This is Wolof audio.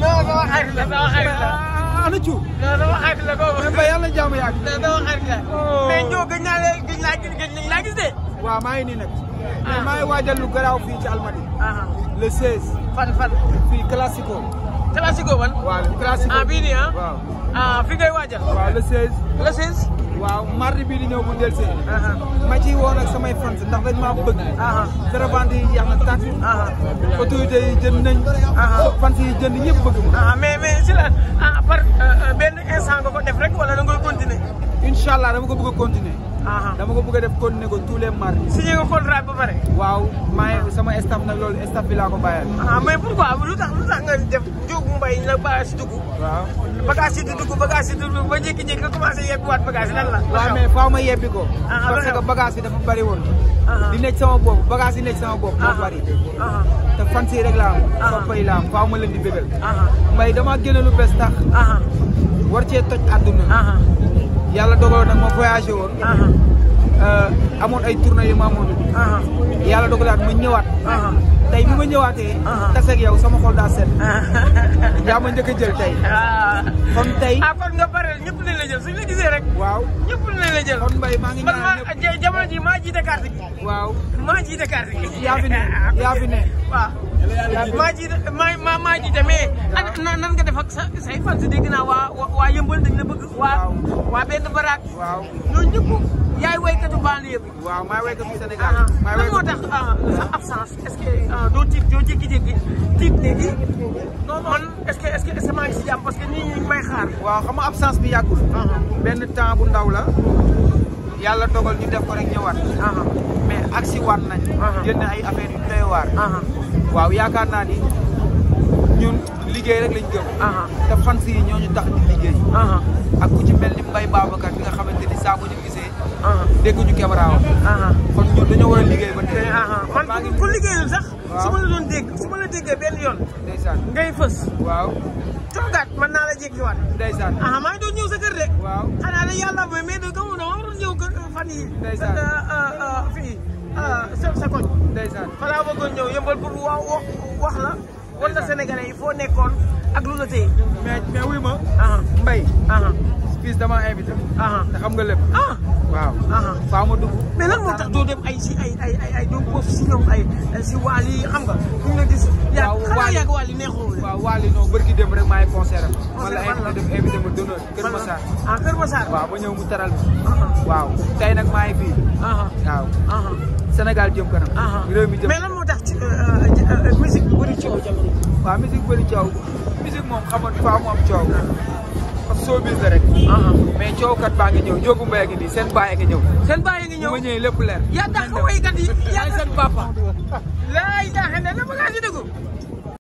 non sama xarit la sama xarit la. ana Thiou. non sama xarit la boobu. mais Mbaye yàlla na jàmm yàgg. non sama xarit la. mais ñoo gëj naa la gëj naa gëj nañ laa gis de. waaw maa ngi nii nag. mais maa ngi waajal lu garaaw fii ci Almadies. le 16. fan fan. fii classico. classico man. waaw classico ah bii nii ah. waaw ah fi ngay waajal. waaw le 16. le 16. waaw mardi bii di ñëw bu del see. Ah, ah. ma ciy woon samay fans ndax dañ maa bëgg. caravane ah, yi yàq na tàkk. autorité yi jënd nañ. fans yi jënd ñëpp bëgg ma. mais mais si la ah par euh, euh, benn instant nga ko def rek wala da nga incha allah dama ko bëgg a continuer. dama ko bëgg a def continuer ko tous les mardis. signé nga contrat ba pare. waaw maa sama staff nag loolu staff bi laa ko bàyyal. ah mais pourquoi lu tax lu tax nga def jóg mbay la bagage dugg. ba jékki-jékki nga commencé yebbi ko. parce que bagage yi bari woon. di nekk sama bopp bagage yi nekk sama bopp. moo bari. te rek laa am. soppay ma leen di bégal. mbay damaa génne lu bees tax. war cee toj yàlla dogaloon nag ma voyagé woon. Euh, amoon ay tournée yu ma amoon. yàlla dogalaat ma ñëwaat. tey bi ma ñëwaatee. tase ak yow sama xol daa set. yaa ma njëkk a jël tey. kon tey ah kon nga pare ñëpp lañ la jël suñ la gisee rek. waaw ñëpp lañ la jël. kon Mbaye maa ngi ñaanal ñëpp man maa jamono ji maa jiite carte gi. waaw maa jiite carte gi. yaa fi ne yaa fi ne. waaw maa jiite maa maa jiite mais. def ak sa say fan si dégg naa waa waa yëmbal dañ la bëgg. waa waa benn baraak. waaw ñooñu ñëpp yaay waykatu banlieue bi. waaw maa waykatu ah, Sénégal. Ah. maa waykatu lan moo tax ah, sa di non parce que nii may xaar. waaw xam absence bi yàggul. benn temps bu ndaw la. yàlla dogal ñu def ko rek ñëwaat. mais agsi waat nañ. jënd ay affaire yu waar. waaw yaakaar naa ni. ñun liggéey rek lañ gëm te fans yi ñooñu tax di liggéey ak ku ci mel ni Mbaye Babacar bi nga xamante ni saa bu ñu gisee dégguñu kebaraaw kon ñun dañoo war a liggéey ba tey man ku liggéeyul sax su ma la doon dégg su maa ngi ñëw sa kër de waaw xanaa la yàlla may mais da gamo na waroon ñëw euh, fan yi ndeysaan euh, euh, fii sa sa koñ ndeysaan falaa bëggoon ñëw yëmbal pour wax wax la wan na Sénégalais yi foo nekkoon ak lu la téye. mais mais wuy ma. Ah. Mbaye. Ah. fils dama invité. Ah. te xam nga lépp. waaw. faa ma dugg. mais lan moo tax doo ay si ay ay boof si ñoom ay si waal xam nga. bu ñu la gis yaa xanaa yàgg waal yi neexoo waaw waal yi bërki dem rek maa concert am. wala invité dem invité ma donneur Kër Massar. ah waaw ba ñëw mu taral waaw tey nag maa ngi fii. waaw. Sénégal jëm kanam. réew mi jëm mais moo tax euh, euh, musique bi bëri coow jamono waaw musique bëri coow musique moom xamoon faa mu am coow parce que soo bis la rek ah, ah. mais coowkat baa ngi ñëw jógu mbay ngi nii seen baay ngi ñëw seen baay ngi ñëw ma ñëwee lépp leer yaa tax waykat yi yaa seen papa lay daaxe ne la ma